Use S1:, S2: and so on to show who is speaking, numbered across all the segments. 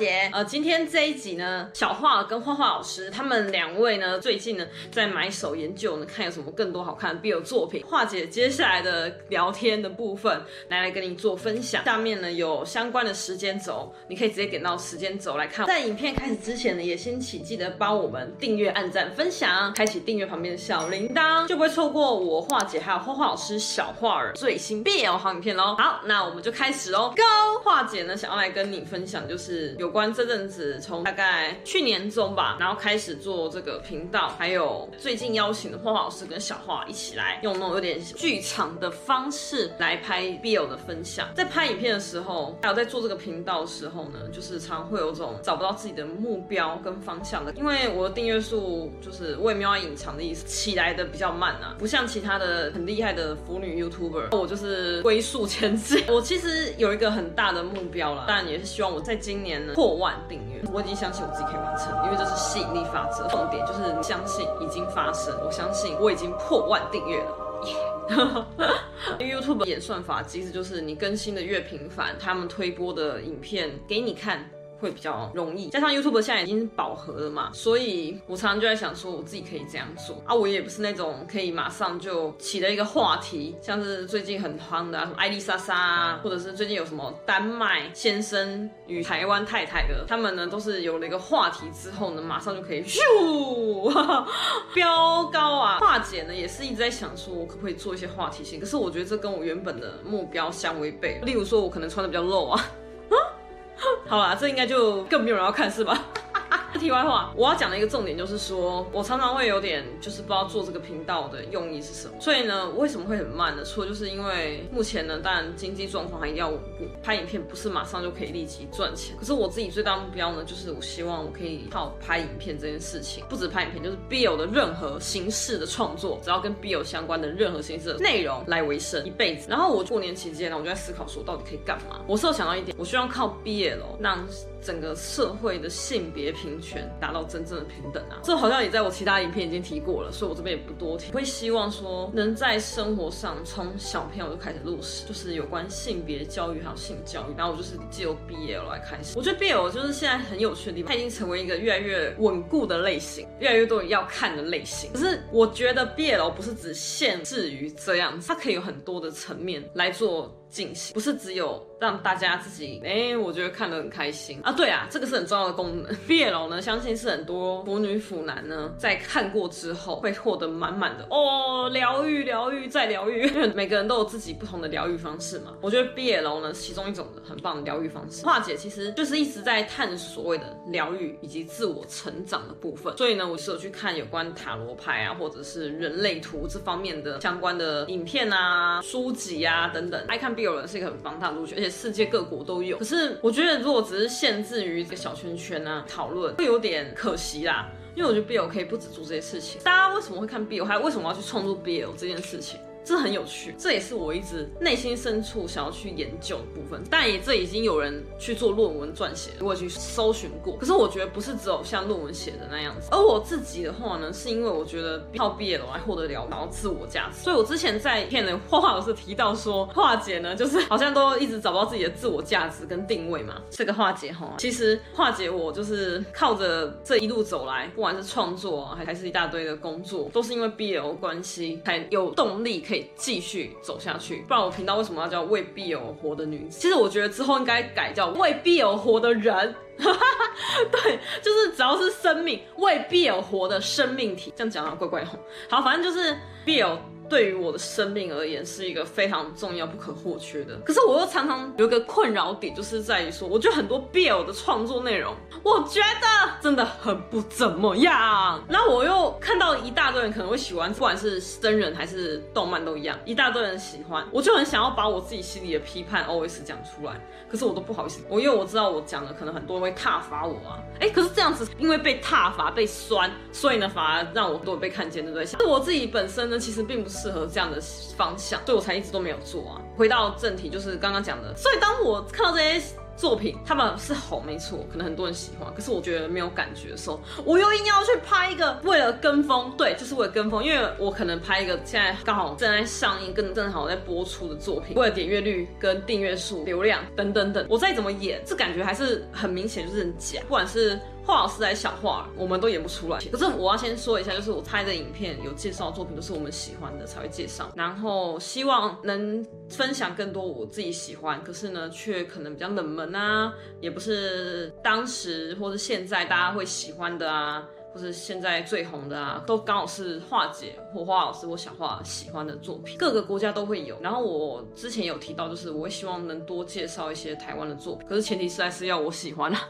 S1: 姐，呃，今天這一集呢，小樺跟樺樺老師他們兩位呢，最近呢在買手研究呢，看有什麼更多好看的 BL 作品。樺姐接下來的聊天的部分，來來跟你做分享。下面呢有相關的時間軸，你可以直接點到時間軸來看。在影片開始之前呢，也先請記得幫我們訂閱、按讚、分享，開啟訂閱旁邊的小鈴鐺，就不會錯過我樺姐還有樺樺老師小樺兒最新 BL 好影片嘍。好，那我們就開始嘍，Go！樺姐呢想要來跟你分享，就是有。有關這陣子從大概去年中吧，然後開始做這個頻道，還有最近邀請的畫畫老師跟小畫一起來用那種有點劇場的方式來拍 BL 的分享。在拍影片的時候，還有在做這個頻道的時候呢，就是常會有種找不到自己的目標跟方向的，因為我的訂閱數就是我也沒有隱藏的意思，起來的比較慢啊，不像其他的很厲害的腐女 YouTuber，我就是龜速前進。我其實有一個很大的目標啦，但也是希望我在今年呢，破萬訂閱，我已經相信我自己可以完成，因為這是吸引力法則。重點就是相信已經發生。我相信我已經破萬訂閱了。因、yeah. 為 YouTube 演算法其實就是你更新的越頻繁，他們推播的影片給你看。會比較容易，加上 YouTube 現在已經飽和了嘛，所以我常常就在想說，我自己可以這樣做啊。我也不是那種可以馬上就起了一個話題，像是最近很夯的、啊、什麼愛莉莎莎啊，或者是最近有什麼丹麥先生與台灣太太的，他們呢都是有了一個話題之後呢，馬上就可以咻飆 高啊。樺姐呢也是一直在想說，我可不可以做一些話題性？可是我覺得這跟我原本的目標相違背。例如說，我可能穿的比較露啊。好啦，這應該就更沒有人要看是吧？題外話，我要講的一個重點就是說，我常常會有點就是不知道做這個頻道的用意是什麼。所以呢，為什麼會很慢呢？錯就是因為目前呢，當然經濟狀況還一定要穩固，拍影片不是馬上就可以立即賺錢。可是我自己最大目標呢，就是我希望我可以靠拍影片這件事情，不止拍影片，就是 BL 的任何形式的創作，只要跟 BL 相關的任何形式的內容來維生一輩子。然後我過年期間呢，我就在思考說，到底可以幹嘛？我是有想到一點，我希望靠 BL 讓，整個社會的性別平權達到真正的平等啊，這好像也在我其他影片已經提過了，所以我這邊也不多提。我會希望說能在生活上從小朋友就開始落實，就是有關性別教育還有性教育，然後我就是借由 BL 來開始。我覺得 BL 就是現在很有趣的地方，它已經成為一個越來越穩固的類型，越來越多人要看的類型。可是我覺得 BL 不是只限制於這樣子，它可以有很多的層面來做。進行不是只有讓大家自己哎、欸，我覺得看得很開心啊！對啊，這個是很重要的功能。BL 呢，相信是很多腐女腐男呢在看過之後會獲得滿滿的哦，療癒、療癒再療癒。因為每個人都有自己不同的療癒方式嘛，我覺得 BL 呢，是其中一種很棒的療癒方式。樺姐其實就是一直在探索所謂的療癒以及自我成長的部分。所以呢，我是有去看有關塔羅牌啊，或者是人類圖這方面的相關的影片啊、書籍啊等等，愛看。BL 人是一個很龐大的族群，而且世界各國都有。可是我覺得，如果只是限制於一個小圈圈呢、啊，討論會有點可惜啦。因為我覺得 BL i 可以不止做這些事情。大家為什麼會看 BL？i 還為什麼要去創作 BL i 這件事情？是很有趣，這也是我一直內心深處想要去研究的部分。但也這已經有人去做論文撰寫了，我去搜尋過。可是我覺得不是只有像論文寫的那樣子。而我自己的話呢，是因為我覺得靠業了我來獲得了，然後自我價值。所以我之前在片的畫畫老師提到說，化解呢，就是好像都一直找不到自己的自我價值跟定位嘛。這個化解哈，其實化解我就是靠着這一路走來，不管是創作、啊、還是一大堆的工作，都是因為畢業 o 關係才有動力可以。繼續走下去，不然我頻道為什麼要叫為 BL 活的女子？其實我覺得之後應該改叫為 BL 活的人。 對，就是只要是生命，為 BL 活的生命體。這樣講啊，怪怪哦。好，反正就是 BL。對於我的生命而言，是一個非常重要不可或缺的。可是我又常常有一個困擾點，就是在於說，我覺得很多 BL 的創作內容，我覺得真的很不怎麼樣。那我又看到一大堆人可能會喜歡，不管是真人還是動漫都一樣，一大堆人喜歡，我就很想要把我自己心裡的批判 OS 講出來。可是我都不好意思，我因為我知道我講了，可能很多人會撻伐我啊。哎，可是這樣子，因為被撻伐被酸，所以呢反而讓我都有被看見的對象，是我自己本身呢，其實並不是。適合這樣的方向，所以我才一直都沒有做啊。回到正題，就是剛剛講的，所以當我看到這些作品，他們是好沒錯，可能很多人喜歡，可是我覺得沒有感覺的時候，我又硬要去拍一個為了跟風，對，就是為了跟風，因為我可能拍一個現在剛好正在上映跟正好在播出的作品，為了點閱率跟訂閱數、流量等等等，我再怎麼演，這感覺還是很明顯就是很假，不管是。樺老師、來小樺，我們都演不出來。可是我要先說一下，就是我拍的影片，有介紹作品，都是我們喜歡的才會介紹。然後希望能分享更多我自己喜歡，可是呢，卻可能比較冷門啊，也不是當時或是現在大家會喜歡的啊，或是現在最紅的啊，都剛好是樺姐或樺老師或小樺喜歡的作品。各個國家都會有。然後我之前有提到，就是我會希望能多介紹一些台灣的作品，可是前提是還是要我喜歡啊。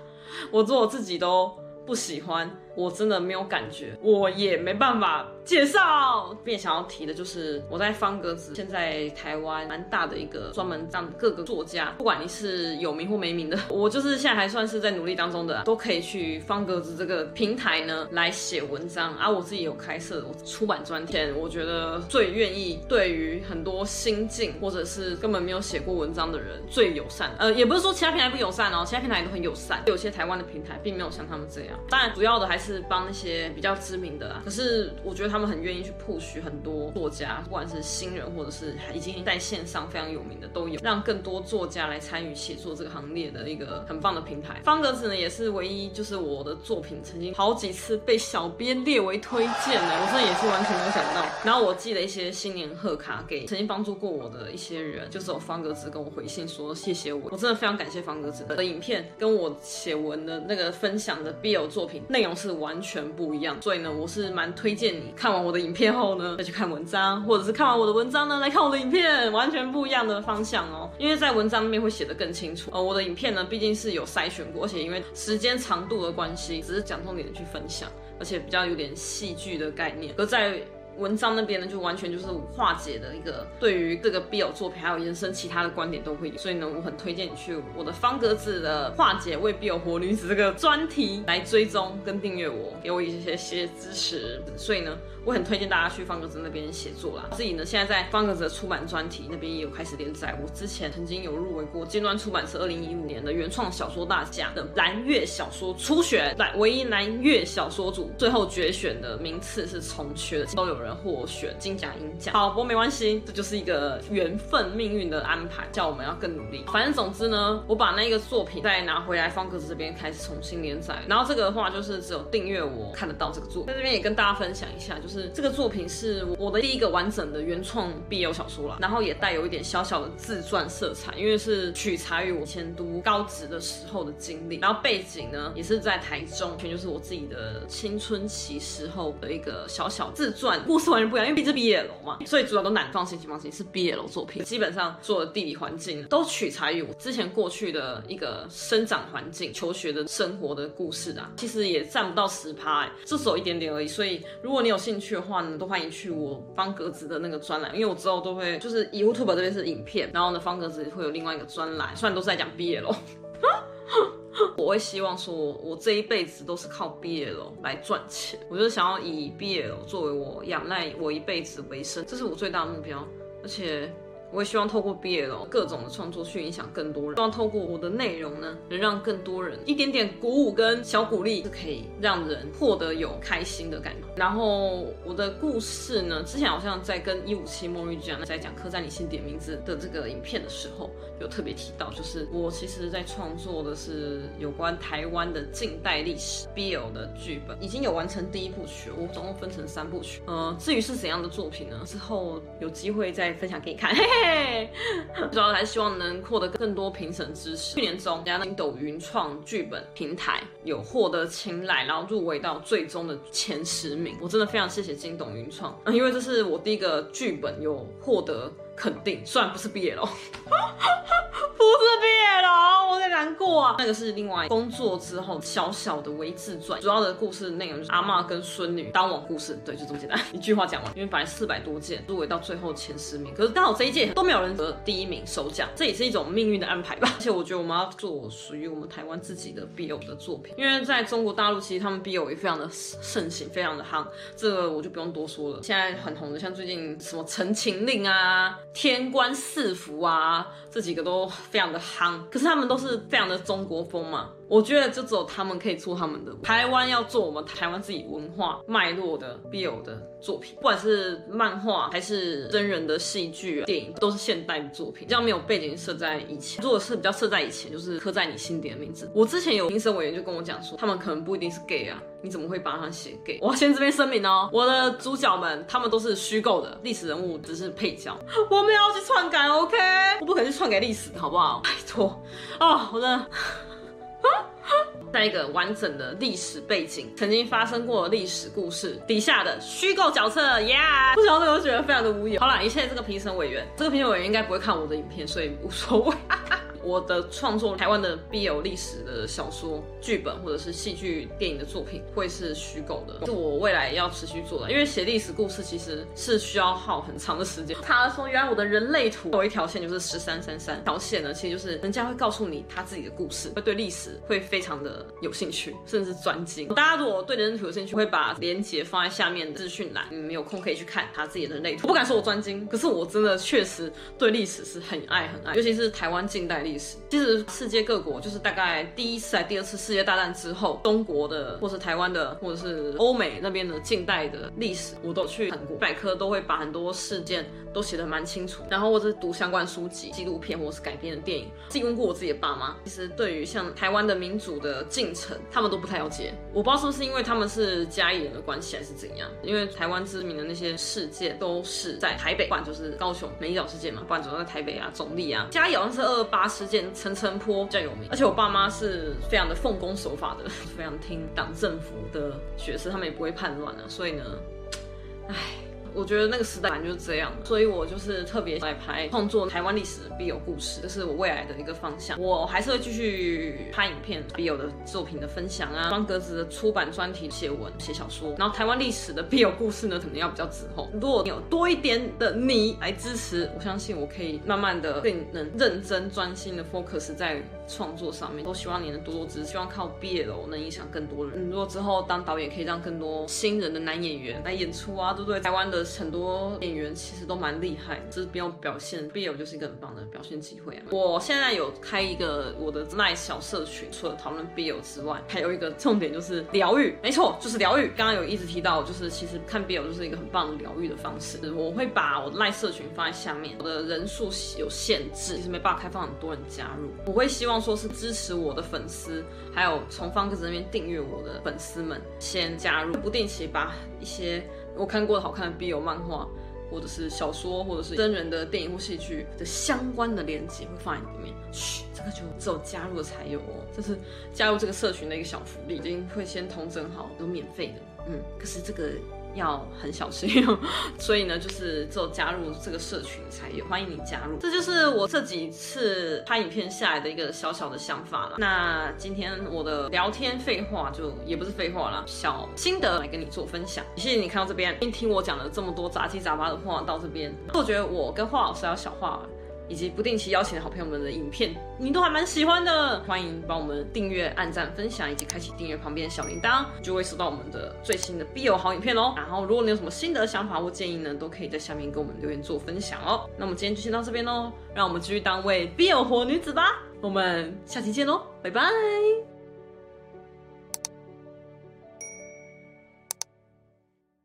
S1: 我做我自己都不喜歡，我真的沒有感覺，我也沒辦法。介紹，特別想要提的就是我在方格子，現在台灣蠻大的一個專門這樣各個作家，不管你是有名或沒名的，我就是現在還算是在努力當中的，啊，都可以去方格子這個平台呢來寫文章而，啊、我自己有開設我出版專題，我覺得最願意對於很多新進或者是根本沒有寫過文章的人最友善。呃，也不是說其他平台不友善哦，其他平台都很友善，有些台灣的平台並沒有像他們這樣。當然，主要的還是幫那些比較知名的，啊。可是我覺得他們。他們很願意去 push 很多作家，不管是新人，或者是已經在線上非常有名的都有，讓更多作家來參與寫作這個行列的一個很棒的平台。方格子呢也是唯一，就是我的作品曾經好幾次被小編列為推薦呢，我真的也是完全沒有想到。然後我寄了一些新年賀卡給曾經幫助過我的一些人，就是我方格子跟我回信說謝謝我，我真的非常感謝方格子的影片跟我寫文的那個分享的 BL 作品內容是完全不一樣，所以呢，我是蠻推薦你。看完我的影片後呢，再去看文章，或者是看完我的文章呢，來看我的影片，完全不一樣的方向哦。因為在文章裡面會寫得更清楚哦、呃。我的影片呢，畢竟是有篩選過，而且因為時間長度的關係，只是講重點去分享，而且比較有點戲劇的概念。而在文章那邊呢，就完全就是樺姐的一個，對於這個 BL 作品還有延伸其他的觀點都會有。所以呢，我很推薦你去我的方格子的樺姐為 BL 活女子這個專題來追蹤跟訂閱我，給我一些些支持，所以呢。我很推薦大家去方格子那邊寫作啦。自己呢，現在在方格子的出版專題那邊也有開始連載。我之前曾經有入圍過尖端出版社二零一五年的原創小說大獎的藍月小說初選，藍唯一藍月小說組最後決選的名次是從缺，都有人獲選金獎銀獎。好，不過沒關係，這就是一個緣分命運的安排，叫我們要更努力。反正總之呢，我把那個作品再拿回來方格子這邊開始重新連載。然後這個的話，就是只有訂閱我看得到這個作品，在這邊也跟大家分享一下，就是。是這個作品是我的第一個完整的原創 BL 小說了，然後也帶有一點小小的自傳色彩，因為是取材於我前讀高職的時候的經歷，然後背景呢也是在台中，全就是我自己的青春期時候的一個小小自傳。故事完全不一樣，因為畢竟是 BL 嘛，所以主要都南方心情況係是 BL 作品，基本上做的地理環境都取材於我之前過去的一個生長環境、求學的生活的故事啊，其實也佔不到十趴，欸、只少有一點點而已。所以如果你有興趣。去的話呢，都歡迎去我方格子的那個專欄，因為我之後都會就是 YouTube 這邊是影片，然後呢方格子會有另外一個專欄，雖然都是在講 BL， 我會希望說我這一輩子都是靠 BL 來賺錢，我就是想要以 BL 作為我仰賴我一輩子為生，這是我最大的目標，而且。我也希望透過 b l 各種的創作去影響更多人，希望透過我的內容呢，能讓更多人一點點鼓舞跟小鼓勵就可以讓人獲得有開心的感覺。然後我的故事呢，之前好像在跟一五七夢玉這樣在講《客棧你性點名字》的這個影片的時候，有特別提到，就是我其實在創作的是有關台灣的近代歷史 b l l 的劇本，已經有完成第一部曲，我總共分成三部曲。呃，至於是怎樣的作品呢？之後有機會再分享給你看。 主要是還是希望能獲得更多評審支持。去年中，家的金斗雲創劇本平台有獲得青睞，然後入圍到最終的前十名。我真的非常謝謝金斗雲創，因為這是我第一個劇本有獲得。肯定，雖然不是 BL 咯，不是 BL 咯，我有點難過啊。那個是另外工作之後小小的微自傳，主要的故事內容就是阿嬤跟孫女當網故事，對，就這麼簡單，一句話講完。因為本來四百多件入圍到最後前十名，可是剛好這一屆都沒有人得第一名首獎，這也是一種命運的安排吧。而且我覺得我們要做屬於我們台灣自己的 BL 的作品，因為在中國大陸其實他們 BL 也非常的盛行，非常的夯，這個我就不用多說了。現在很紅的，像最近什麼《陳情令》啊。天官賜福啊，這幾個都非常的夯，可是他們都是非常的中國風嘛。我覺得就只有他們可以做他們的。台灣要做我們台灣自己文化脈絡的必有的作品，不管是漫畫還是真人的戲劇、電影，都是現代的作品，這樣沒有背景設在以前。如果是比較設在以前，就是刻在你心底的名字。我之前有評審委員就跟我講說，他們可能不一定是 gay 啊，你怎麼會把他寫 gay？我先這邊聲明哦，我的主角們他們都是虛構的，歷史人物只是配角，我沒有要去篡改，OK？我不可能去篡改歷史，好不好？拜托，啊、哦，我的。在一個完整的歷史背景，曾經發生過歷史故事底下的虛構角色，耶、yeah!！不知道為什麼覺得非常的無語？好啦，一切這個評審委員，這個評審委員應該不會看我的影片，所以無所謂。 我的創作，台灣的 BL 歷史的小說、劇本或者是戲劇、電影的作品，會是虛構的，是我未來要持續做的。因為寫歷史故事其實是需要耗很長的時間。他說：“原來我的人類圖有一條線就是十三三三，條線呢，其實就是人家會告訴你他自己的故事，會對歷史會非常的有興趣，甚至專精。大家如果對人類圖有興趣，會把鏈接放在下面的資訊欄，你、嗯、們有空可以去看他自己的人類圖。我不敢說我專精，可是我真的確實對歷史是很愛很愛，尤其是台灣近代歷史。”其實世界各國就是大概第一次在第二次世界大戰之後，中國的或是台灣的或者是歐美那邊的近代的歷史，我都去看過百科，都會把很多事件都寫得蠻清楚。然後或者是讀相關書籍、紀錄片或者是改編的電影。問過我自己的爸媽，其實對於像台灣的民主的進程，他們都不太了解。我不知道是不是因為他們是嘉義人的關係還是怎樣，因為台灣知名的那些事件都是在台北，不管就是高雄、美麗島事件嘛，不管主要在台北啊、總理啊，嘉義好像是二二八。之間層層坡比較有名，而且我爸媽是非常的奉公守法的，非常聽黨政府的學，學士他們也不會叛亂啊，所以呢，唉。我覺得那個時代感就是這樣的，所以我就是特別愛拍創作台灣歷史 BL 故事，就是我未來的一個方向。我還是會繼續拍影片，BL 的作品的分享啊，方格子的出版專題寫文寫小說，然後台灣歷史的 BL 故事呢，可能要比較滯後。如果你有多一點的你來支持，我相信我可以慢慢的更能認真專心的 focus 在創作上面。都希望你能多多支持，希望靠 BL 能影響更多人，嗯。如果之後當導演，可以讓更多新人的男演員來演出啊，對不對？台灣的。很多演員其實都蠻厲害，就是不用表現。BL 就是一個很棒的表現機會啊，我現在有開一個我的 LINE 小社群，除了討論 BL 之外，還有一個重點，就是療癒。沒錯，就是療癒。剛剛有一直提到，就是其實看 BL 就是一個很棒的療癒的方式。我會把我的 LINE 社群放在下面，我的人數有限制，其實沒辦法開放很多人加入。我會希望說是支持我的粉絲，還有從方格子那邊訂閱我的粉絲們先加入，不定期把一些。我看過的好看的 BL 漫畫，或者是小說，或者是真人的電影或戲劇的相關的鏈接會放在裡面。噓，這個就只有加入了才有哦，這是加入這個社群的一個小福利，已經會先通整好，都免費的。嗯，可是這個。要很小心， 所以呢，就是只有加入這個社群才有，歡迎你加入。這就是我這幾次拍影片下來的一個小小的想法了。那今天我的聊天廢話就也不是廢話啦，小心得來跟你做分享。謝謝你看到這邊，因為聽我講了這麼多雜七雜八的話，到這邊，我覺得我跟華老師要小話。以及不定期邀請的好朋友們的影片，你都還蠻喜歡的。歡迎幫我們訂閱、按讚、分享，以及開啟訂閱旁邊的小鈴鐺，就會收到我們的最新的 BL 好影片哦。然後，如果你有什麼心得、想法或建議呢，都可以在下面給我們留言做分享哦。那麼今天就先到這邊嘍，讓我們繼續當為 BL 活女子吧。我們下期見嘍，拜拜。